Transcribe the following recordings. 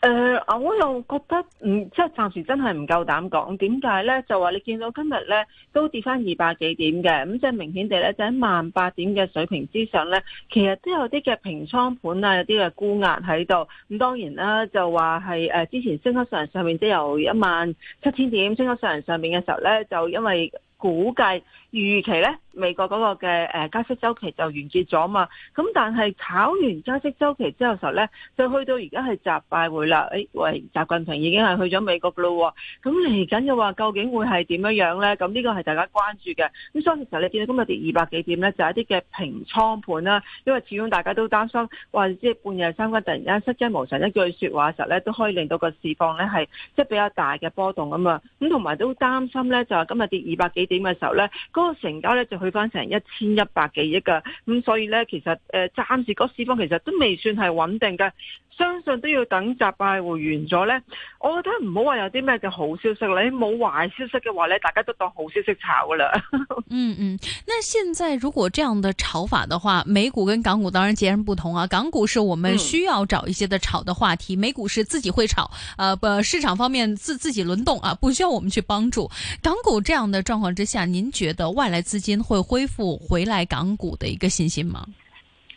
誒、呃，我又覺得唔即係暫時真係唔夠膽講，點解呢？就話你見到今日呢都跌翻二百幾點嘅，咁即係明顯地呢，就喺萬八點嘅水平之上呢，其實都有啲嘅平倉盤啊，有啲嘅沽壓喺度。咁、嗯、當然啦，就話係誒之前升級上上面即由一萬七千點升級上上面嘅時候呢，就因為估計。預期咧，美國嗰個嘅加息周期就完結咗嘛？咁但係炒完加息周期之後時候咧，就去到而家係習拜會啦。誒、哎，喂，習近平已經係去咗美國噶啦喎。咁嚟緊嘅話，究竟會係點樣樣咧？咁呢個係大家關注嘅。咁所以其實你見到今日跌二百幾點咧，就係、是、一啲嘅平倉盤啦、啊。因為始終大家都擔心，話，即係半夜三更突然間失驚無神一句説話嘅時候咧，都可以令到個市況咧係即係比較大嘅波動啊嘛。咁同埋都擔心咧，就係、是、今日跌二百幾點嘅時候咧。嗰個成交呢就去返成一千一百幾億㗎，咁、嗯、所以呢其實誒、呃、暫時個市況其實都未算係穩定嘅，相信都要等習拜會完咗呢。我覺得唔好話有啲咩就好消息啦，冇壞消息嘅話呢，大家都當好消息炒㗎啦。呵呵嗯嗯，那現在如果這樣的炒法的話，美股跟港股當然截然不同啊。港股是我們需要找一些的炒的話題，嗯、美股是自己會炒，呃，不市場方面自自己輪動啊，不需要我們去幫助。港股這樣的狀況之下，您覺得？外來資金會恢復回來港股嘅一個信心嗎？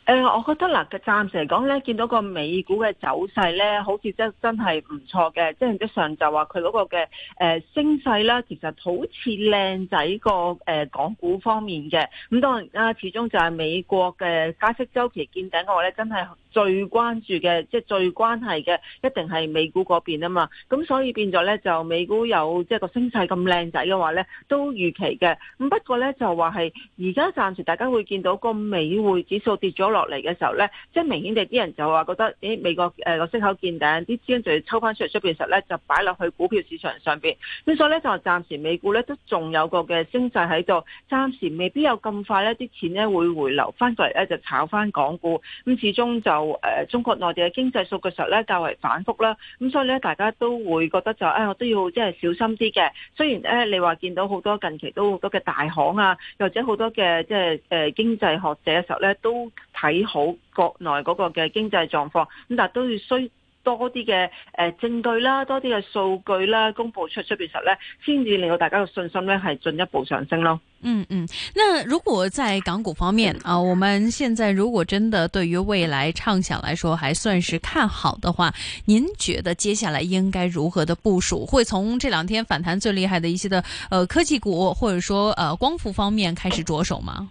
誒、呃，我覺得嗱，暫時嚟講咧，見到個美股嘅走勢咧，好似真真係唔錯嘅，即係實際上就話佢嗰個嘅誒升勢咧，其實好似靚仔個誒、呃、港股方面嘅，咁當然啦，始終就係美國嘅加息周期見頂嘅話咧，真係。最關注嘅，即係最關係嘅，一定係美股嗰邊啊嘛。咁所以變咗咧，就美股有即係、就是、個升勢咁靚仔嘅話咧，都預期嘅。咁不過咧，就話係而家暫時大家會見到個美匯指數跌咗落嚟嘅時候咧，即係明顯地啲人就話覺得，咦，美國誒個息口見頂，啲資金要抽出時就抽翻出嚟出邊，時候咧就擺落去股票市場上邊。咁所以咧就暫時美股咧都仲有個嘅升勢喺度，暫時未必有咁快咧啲錢咧會回流翻過嚟咧就炒翻港股。咁始終就。誒中國內地嘅經濟數據上咧較為反覆啦，咁所以咧大家都會覺得就誒、哎、我都要即係小心啲嘅。雖然咧你話見到好多近期都好多嘅大行啊，又或者好多嘅即係誒經濟學者嘅時候咧都睇好國內嗰個嘅經濟狀況，咁但係都要需。多啲嘅誒證據啦，多啲嘅數據啦，公布出出邊實咧，先至令到大家嘅信心咧係進一步上升咯。嗯嗯，那如果在港股方面，嗯、啊，我們現在如果真的對於未來暢想來說還算是看好的話，您覺得接下來應該如何的部署？會從這兩天反彈最厲害的一些的，呃科技股或者說呃光伏方面開始着手嗎？嗯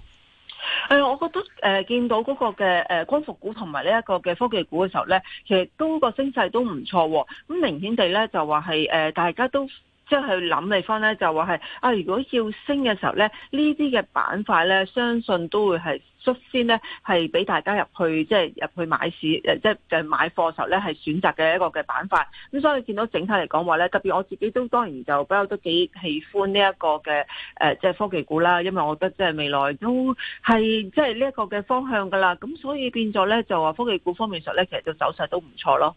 誒、嗯，我覺得誒、呃、見到嗰個嘅誒、呃、光伏股同埋呢一個嘅科技股嘅時候咧，其實都嗰個升勢都唔錯、哦。咁明顯地咧，就話係誒大家都即係去諗諗你返咧，就話係啊，如果要升嘅時候咧，的呢啲嘅板塊咧，相信都會係，率先咧，係俾大家入去，即係入去買市，誒，即係買貨時候咧，係選擇嘅一個嘅板塊。咁所以你見到整體嚟講話咧，特別我自己都當然就比較都幾喜歡呢一個嘅誒，即係科技股啦。因為我覺得即係未來都係即係呢一個嘅方向噶啦。咁所以變咗咧就話科技股方面上咧，其實就走勢都唔錯咯。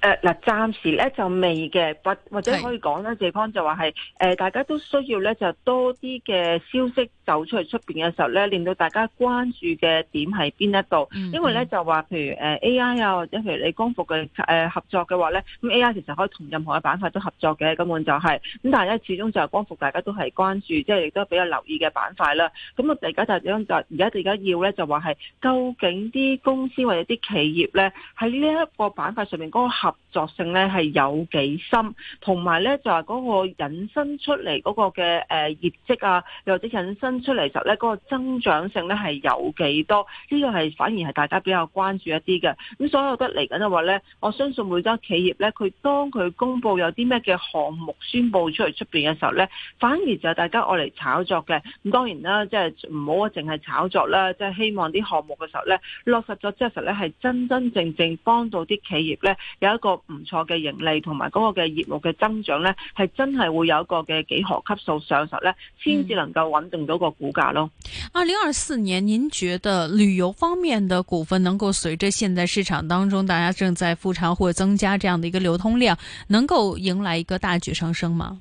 誒嗱、呃，暫時咧就未嘅，或或者可以講咧，地方是就話係誒，大家都需要咧就多啲嘅消息走出去。出邊嘅時候咧，令到大家關注嘅點喺邊一度，嗯嗯，因為咧就話譬如誒、呃、A.I. 啊，或者譬如你光伏嘅誒合作嘅話咧，咁 A.I. 其實可以同任何嘅板塊都合作嘅，根本就係、是、咁，但係咧始終就係光伏大家都係關注，即係亦都比較留意嘅板塊啦。咁啊，而家就將就而家大家要咧就話係究竟啲公司或者啲企業咧喺呢一個板塊上面、嗰個合作性咧係有幾深，同埋咧就係嗰個引申出嚟嗰個嘅誒業績啊，又或者引申出嚟時候咧嗰個增長性咧係有幾多？呢個係反而係大家比較關注一啲嘅。咁所以我覺得嚟緊就話咧，我相信每家企業咧，佢當佢公布有啲咩嘅項目宣布出嚟出邊嘅時候咧，反而就係大家愛嚟炒作嘅。咁當然啦，即係唔好淨係炒作啦，即係希望啲項目嘅時候咧落實咗之後咧，係真真正正幫到啲企業咧有。一個唔錯嘅盈利同埋嗰個嘅業務嘅增長呢，係真係會有一個嘅幾何級數上實呢，先至能夠穩定到個股價咯。二零二四年，您覺得旅遊方面的股份能夠隨着現在市場當中大家正在復常或增加這樣的一個流通量，能夠迎來一個大舉上升嗎？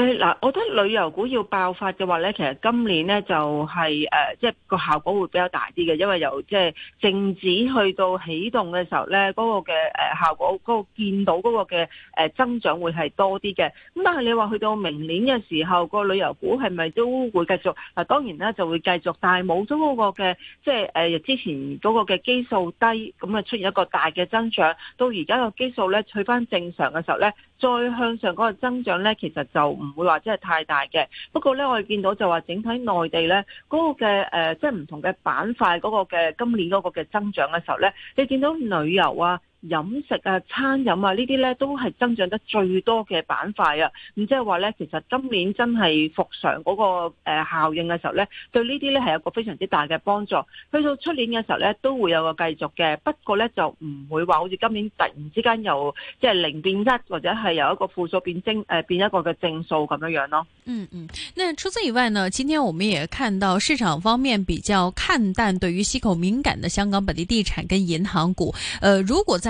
嗱、呃，我覺得旅遊股要爆發嘅話咧，其實今年咧就係、是、誒，即係個效果會比較大啲嘅，因為由即係靜止去到起動嘅時候咧，嗰、那個嘅誒效果，嗰、那個見到嗰個嘅誒增長會係多啲嘅。咁但係你話去到明年嘅時候，個旅遊股係咪都會繼續？嗱、呃，當然啦，就會繼續，但係冇咗嗰個嘅即係誒之前嗰個嘅基數低，咁啊出現一個大嘅增長，到而家個基數咧去返正常嘅時候咧。再向上嗰個增長咧，其實就唔會話真係太大嘅。不過咧，我哋見到就話整體內地咧嗰個嘅誒，即係唔同嘅板塊嗰個嘅今年嗰個嘅增長嘅時候咧，你見到旅遊啊、飲食啊、餐飲啊呢啲咧都係增長得最多嘅板塊啊，咁即係話咧，其實今年真係復常嗰個誒效應嘅時候咧，對呢啲咧係有個非常之大嘅幫助。去到出年嘅時候咧，都會有個繼續嘅，不過咧就唔會話好似今年突然之間由即係零變一，或者係由一個負數變正誒、呃、變一個嘅正數咁樣樣咯。嗯嗯，那除此以外呢，今天我們也看到市場方面比較看淡，對於息口敏感嘅香港本地地產跟銀行股。誒、呃，如果在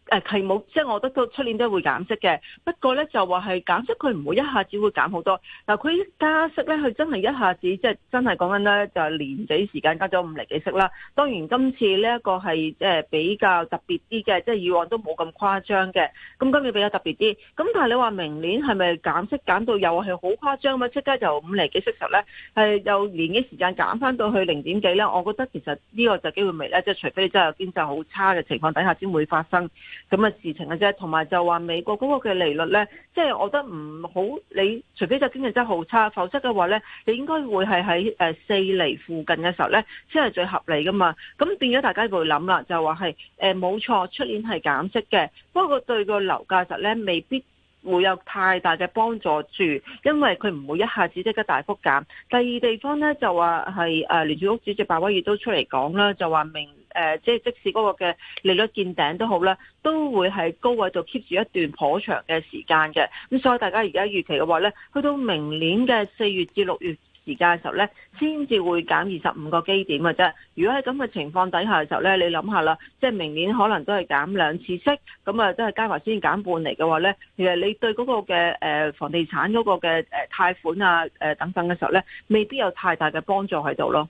誒係冇，即係我覺得都出年都會減息嘅。不過咧就話係減息，佢唔會一下子會減好多。嗱，佢加息咧，佢真係一下子即係真係講緊咧，就係年幾時間加咗五厘幾息啦。當然今次呢一個係即係比較特別啲嘅，即係以往都冇咁誇張嘅。咁今年比較特別啲。咁但係你話明年係咪減息減到又係好誇張啊？即刻就五厘幾息實咧，係有年幾時間減翻到去零點幾咧？我覺得其實呢個就機會未咧，即係除非真係經濟好差嘅情況底下先會發生。咁嘅事情嘅啫，同埋就話美國嗰個嘅利率呢，即係我覺得唔好你除非就經濟真係好差，否則嘅話呢，你應該會係喺四厘附近嘅時候呢，先係最合理噶嘛。咁變咗大家就會諗啦，就話係冇錯，出年係減息嘅，不過對個樓價實呢，未必會有太大嘅幫助住，因為佢唔會一下子即刻大幅減。第二地方呢，就話係誒聯儲局主席鮑威爾都出嚟講啦，就話明。誒，即係即使嗰個嘅利率見頂都好啦，都會喺高位度 keep 住一段頗長嘅時間嘅。咁所以大家而家預期嘅話咧，去到明年嘅四月至六月時間嘅時候咧，先至會減二十五個基點嘅啫。如果喺咁嘅情況底下嘅時候咧，你諗下啦，即係明年可能都係減兩次息，咁啊都係加埋先減半厘嘅話咧，其實你對嗰個嘅誒房地產嗰個嘅誒貸款啊誒等等嘅時候咧，未必有太大嘅幫助喺度咯。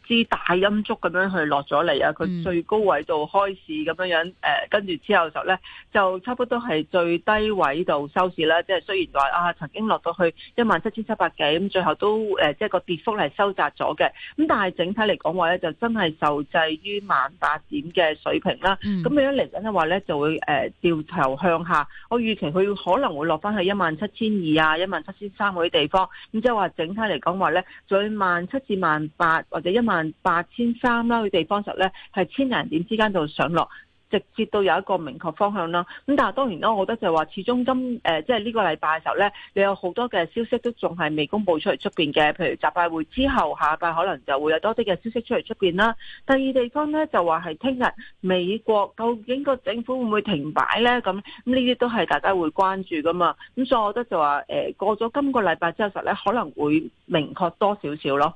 啲 大陰燭咁樣去落咗嚟啊！佢最高位度開市咁樣樣，誒、嗯呃、跟住之後嘅時候咧，就差不多係最低位度收市啦。即係雖然話啊，曾經落到去一萬七千七百幾，咁最後都誒、呃，即係個跌幅係收窄咗嘅。咁但係整體嚟講話咧，就真係受制於萬八點嘅水平啦。咁咁、嗯、樣嚟緊嘅話咧，就會誒、呃、調頭向下。我預期佢可能會落翻去一萬七千二啊，一萬七千三嗰啲地方。咁即係話整體嚟講話咧，在萬七至萬八或者一萬八千三啦，佢地方實咧係千零點之間就上落，直接到有一個明確方向啦。咁但係當然啦，我覺得終、呃、就話始終今誒即係呢個禮拜嘅時候咧，你有好多嘅消息都仲係未公布出嚟出邊嘅，譬如集會會之後下拜可能就會有多啲嘅消息出嚟出邊啦。第二地方咧就話係聽日美國究竟個政府會唔會停擺咧？咁咁呢啲都係大家會關注噶嘛。咁所以我覺得就話誒、呃、過咗今個禮拜之後實咧可能會明確多少少咯。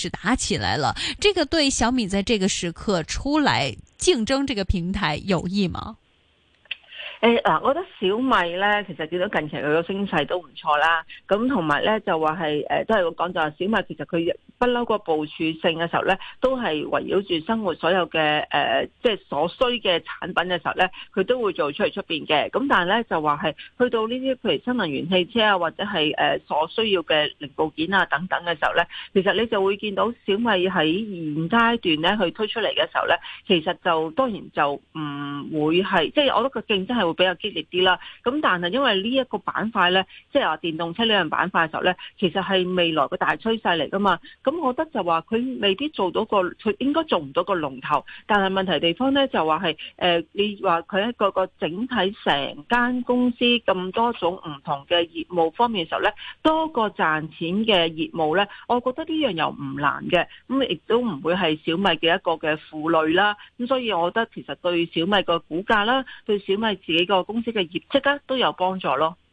是打起來了，這個對小米在這個時刻出來競爭這個平台有益嗎？誒嗱、欸，我覺得小米咧，其實見到近期佢個升勢都唔錯啦，咁同埋咧就話係誒都係我講就話小米其實佢。不嬲個部署性嘅時候咧，都係圍繞住生活所有嘅誒，即係所需嘅產品嘅時候咧，佢都會做出嚟出面嘅。咁但係咧就話係去到呢啲譬如新能源汽車啊，或者係誒所需要嘅零部件啊等等嘅時候咧，其實你就會見到小米喺現階段咧去推出嚟嘅時候咧，其實就當然就唔會係即係我覺得競爭係會比較激烈啲啦。咁但係因為呢一個板塊咧，即係話電動車呢樣板塊嘅時候咧，其實係未來個大趨勢嚟噶嘛。咁我覺得就話佢未必做到個，佢應該做唔到個龍頭。但係問題地方咧就話係，誒、呃、你話佢喺個個整體成間公司咁多種唔同嘅業務方面嘅時候咧，多個賺錢嘅業務咧，我覺得呢樣又唔難嘅。咁、嗯、亦都唔會係小米嘅一個嘅負累啦。咁所以我覺得其實對小米個股價啦，對小米自己個公司嘅業績呢，都有幫助咯。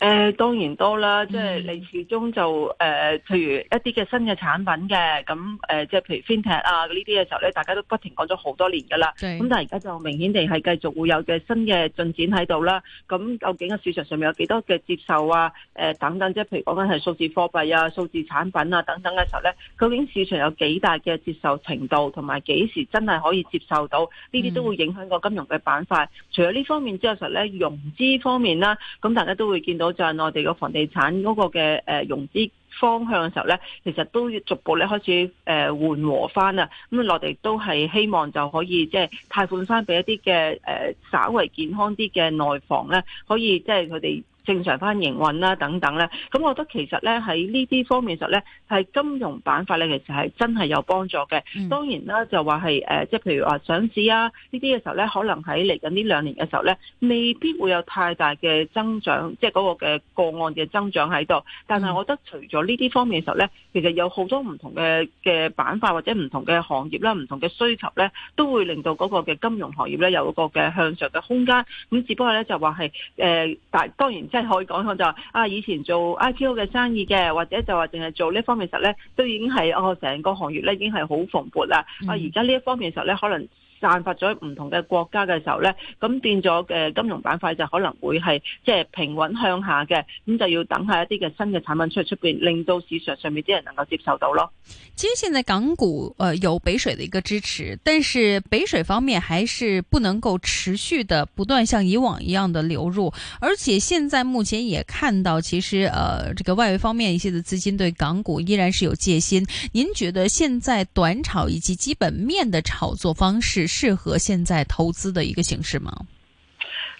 誒、呃、當然多啦，即係你始終就誒，呃如呃、譬如一啲嘅新嘅產品嘅，咁誒即係譬如 FinTech 啊呢啲嘅時候咧，大家都不停講咗好多年㗎啦。咁是但係而家就明顯地係繼續會有嘅新嘅進展喺度啦。咁究竟個市場上面有幾多嘅接受啊、呃？等等，即係譬如講緊係數字貨幣啊、數字產品啊等等嘅時候咧，究竟市場有幾大嘅接受程度，同埋幾時真係可以接受到呢啲都會影響個金融嘅板塊。嗯、除咗呢方面之外，實咧融資方面啦，咁大家都會見到。就係內地個房地產嗰個嘅誒融資方向嘅時候咧，其實都逐步咧開始誒緩和翻喇，咁內地都係希望就可以即係、就是、貸款翻俾一啲嘅誒稍為健康啲嘅內房咧，可以即係佢哋，就是正常翻營運啦等等咧，咁我覺得其實咧喺呢啲方面嘅時候咧，係金融板塊咧其實係真係有幫助嘅。嗯、當然啦，就話係誒，即係譬如話上市啊呢啲嘅時候咧，可能喺嚟緊呢兩年嘅時候咧，未必會有太大嘅增長，即係嗰個嘅個案嘅增長喺度。但係我覺得除咗呢啲方面嘅時候咧，其實有好多唔同嘅嘅板塊或者唔同嘅行業啦，唔同嘅需求咧，都會令到嗰個嘅金融行業咧有一個嘅向上嘅空間。咁只不過咧就話係誒，但、呃、當然。即係可以講我就係、是、啊，以前做 IPO 嘅生意嘅，或者就話淨係做呢方面實咧，都已經係我成個行業咧已經係好蓬勃啦。嗯、啊，而家呢一方面實咧可能。散發咗唔同嘅國家嘅時候呢，咁變咗嘅金融板塊就可能會係即係平穩向下嘅，咁就要等下一啲嘅新嘅產品出去外邊，令到市場上面啲人能夠接受到咯。其實現在港股誒、呃、有北水嘅一個支持，但是北水方面還是不能夠持續的不斷像以往一樣的流入，而且現在目前也看到其實誒、呃、這個外圍方面一些嘅資金對港股依然是有戒心。您覺得現在短炒以及基本面的炒作方式？適合現在投資的一個形式嗎？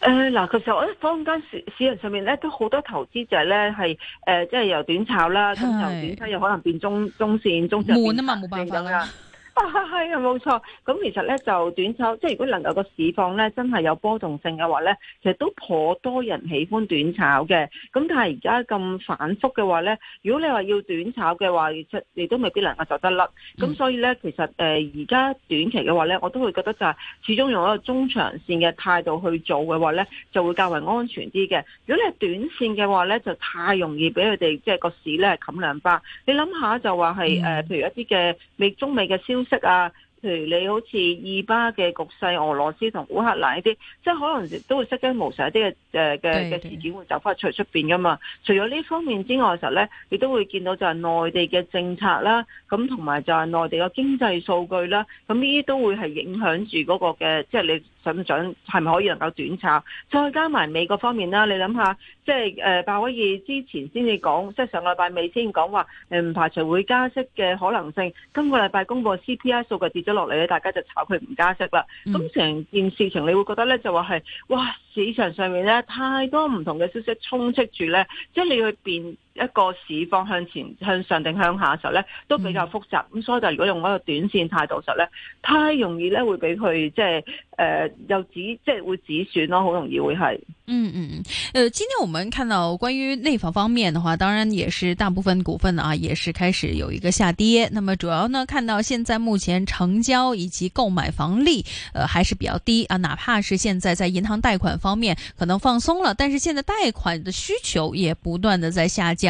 誒，嗱，其實我喺坊間市市場上面咧都好多投資者咧係誒，即係由短炒啦，咁由短炒又可能變中中線，中線變啊嘛，冇辦法啦。係啊，冇錯、啊。咁其實咧就短炒，即係如果能夠個市況咧真係有波動性嘅話咧，其實都頗多人喜歡短炒嘅。咁但係而家咁反覆嘅話咧，如果你話要短炒嘅話，亦亦都未必能夠、啊、就得甩。咁所以咧，其實誒而家短期嘅話咧，我都會覺得就係始終用一個中長線嘅態度去做嘅話咧，就會較為安全啲嘅。如果你係短線嘅話咧，就太容易俾佢哋即係個市咧冚兩巴。你諗下就話係誒，譬如一啲嘅未中美嘅消息。即啊，譬如你好似以巴嘅局勢，俄羅斯同烏克蘭呢啲，即係可能都會失驚無神，一啲嘅誒嘅嘅事件會走翻出出邊噶嘛。除咗呢方面之外，其實咧，你都會見到就係內地嘅政策啦，咁同埋就係內地嘅經濟數據啦，咁呢啲都會係影響住嗰個嘅，即係你，想唔想，係咪可以能夠短炒？再加埋美國方面啦，你諗下、就是呃，即係誒鮑威爾之前先至講，即係上個禮拜尾先講話唔排除會加息嘅可能性，今個禮拜公布 CPI 數據跌咗落嚟咧，大家就炒佢唔加息啦。咁成、嗯、件事情，你會覺得咧就話係，哇！市場上面咧太多唔同嘅消息充斥住咧，即係你去變。一個市方向前向上定向下嘅時候咧，都比較複雜，咁、嗯、所以就如果用一個短線態度時候咧，太容易咧會俾佢、呃、即係誒又止即係會止損咯，好容易會係、嗯。嗯嗯嗯，誒、呃，今天我們看到關於內房方面的話，當然也是大部分股份啊，也是開始有一個下跌。那麼主要呢，看到現在目前成交以及購買房利誒、呃、還是比較低啊，哪怕是現在在銀行貸款方面可能放鬆了，但是現在貸款的需求也不斷的在下降。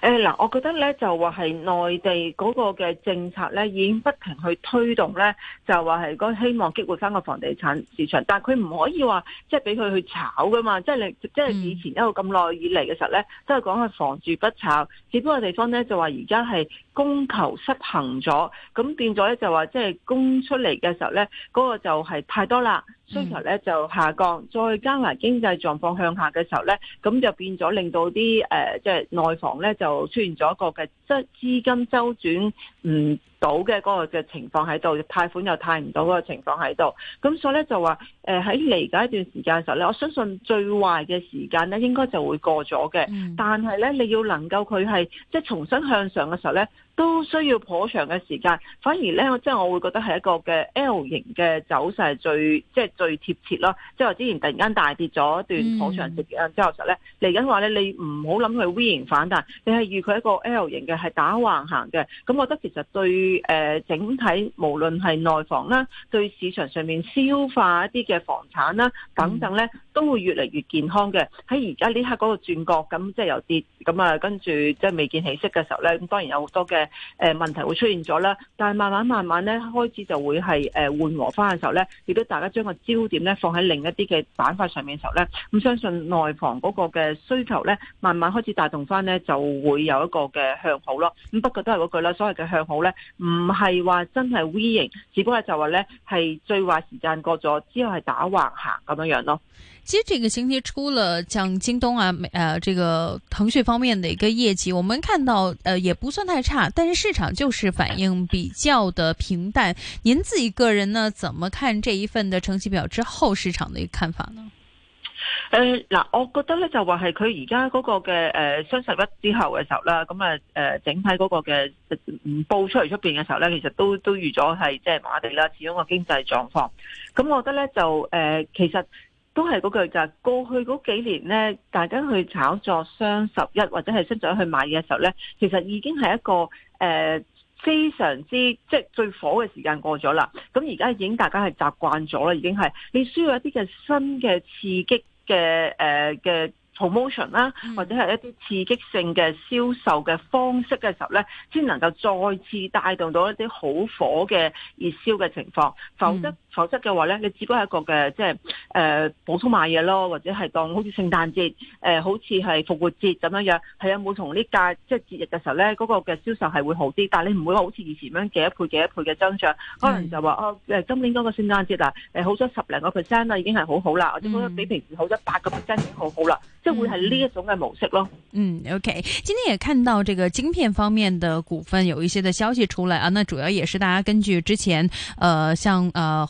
誒嗱、哎，我覺得咧就話係內地嗰個嘅政策咧，已經不停去推動咧，就話係個希望激活翻個房地產市場。但佢唔可以話即係俾佢去炒噶嘛，即係你即係以前一路咁耐以嚟嘅時候咧，都係講係房住不炒。只不過地方咧就話而家係供求失衡咗，咁變咗咧就話即係供出嚟嘅時候咧，嗰、那個就係太多啦，需求咧就下降，再加埋經濟狀況向下嘅時候咧，咁就變咗令到啲誒、呃、即係內房咧就。就出現咗一個嘅即係資金周轉。唔。到嘅嗰個嘅情況喺度，貸款又貸唔到嗰個情況喺度，咁所以咧就話，誒喺嚟緊一段時間嘅時候咧，我相信最壞嘅時間咧應該就會過咗嘅，但係咧你要能夠佢係即係重新向上嘅時候咧，都需要頗長嘅時間，反而咧即係我會覺得係一個嘅 L 型嘅走勢係最即係、就是、最貼切咯，即係話之前突然間大跌咗一段頗長時間之後嘅時候咧，嚟緊話咧你唔好諗佢 V 型反彈，你係預佢一個 L 型嘅係打橫行嘅，咁我覺得其實對。誒，整體無論係內房啦，對市場上面消化一啲嘅房產啦，等等咧，都會越嚟越健康嘅。喺而家呢刻嗰個轉角，咁即係有跌，咁啊，跟住即係未見起色嘅時候咧，咁當然有好多嘅誒問題會出現咗啦。但係慢慢慢慢咧，開始就會係誒緩和翻嘅時候咧，亦都大家將個焦點咧放喺另一啲嘅板塊上面嘅時候咧，咁相信內房嗰個嘅需求咧，慢慢開始帶動翻咧，就會有一個嘅向好咯。咁不過都係嗰句啦，所謂嘅向好咧。唔係話真係 V 型，只不過就話呢係最壞時間過咗之後係打橫行咁樣樣咯。其實這個星期出了，像京東啊、美啊這個騰訊方面的一個業績，我們看到，呃，也不算太差，但是市場就是反應比較的平淡。您自己個人呢，怎麼看這一份的成績表之後市場的一個看法呢？誒、嗱、呃，我覺得咧就話係佢而家嗰個嘅誒、呃，雙十一之後嘅時候啦，咁啊，誒，整體嗰個嘅唔報出嚟出邊嘅時候咧，其實都都預咗係即係麻麻地啦，始終個經濟狀況。咁、嗯、我覺得咧就誒、呃，其實都係嗰句就係、是、過去嗰幾年咧，大家去炒作雙十一或者係出咗去買嘢嘅時候咧，其實已經係一個誒、呃、非常之即係最火嘅時間過咗啦。咁而家已經大家係習慣咗啦，已經係你需要一啲嘅新嘅刺激。嘅誒嘅 promotion 啦，呃、prom otion, 或者係一啲刺激性嘅銷售嘅方式嘅時候咧，先能夠再次帶動到一啲好火嘅熱銷嘅情況，否則。否則嘅話咧，你只不過係一個嘅，即係誒普通賣嘢咯，或者係當好似聖誕節誒、呃，好似係復活節咁樣樣，係有冇同呢個即係節日嘅時候咧，嗰、那個嘅銷售係會好啲，但係你唔會話好似以前咁樣幾一倍幾一倍嘅增長，可能就話哦誒今年嗰個聖誕節啦、啊，誒、欸、好咗十零個 percent 啦，已經係好好啦，嗯、或者覺得比平時好咗八個 percent 已經好好啦，即係、嗯、會係呢一種嘅模式咯。嗯，OK，今天也看到這個晶片方面的股份有一些嘅消息出來啊，那主要也是大家根據之前，誒、呃，像誒。呃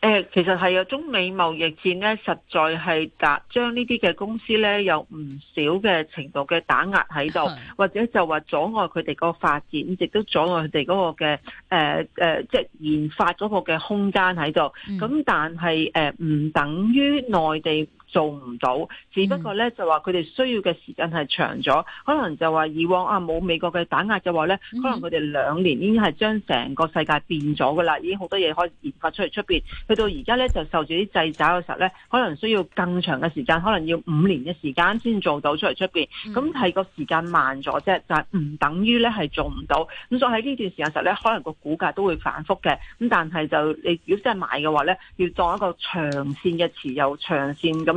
誒，其實係由中美貿易戰咧，實在係打將呢啲嘅公司咧，有唔少嘅程度嘅打壓喺度，的或者就話阻礙佢哋個發展，亦都阻礙佢哋嗰個嘅誒誒，即係研發嗰個嘅空間喺度。咁的但係誒，唔、呃、等於內地。做唔到，只不過咧就話佢哋需要嘅時間係長咗，可能就話以往啊冇美國嘅打壓嘅話咧，可能佢哋兩年已經係將成個世界變咗噶啦，已經好多嘢可以研發出嚟出面。去到而家咧就受住啲制裁嘅時候咧，可能需要更長嘅時間，可能要五年嘅時間先做到出嚟出面。咁係個時間慢咗啫，就係唔等於咧係做唔到。咁所以喺呢段時間實咧，可能個股價都會反覆嘅。咁但係就你如果真係買嘅話咧，要當一個長線嘅持有，長線咁。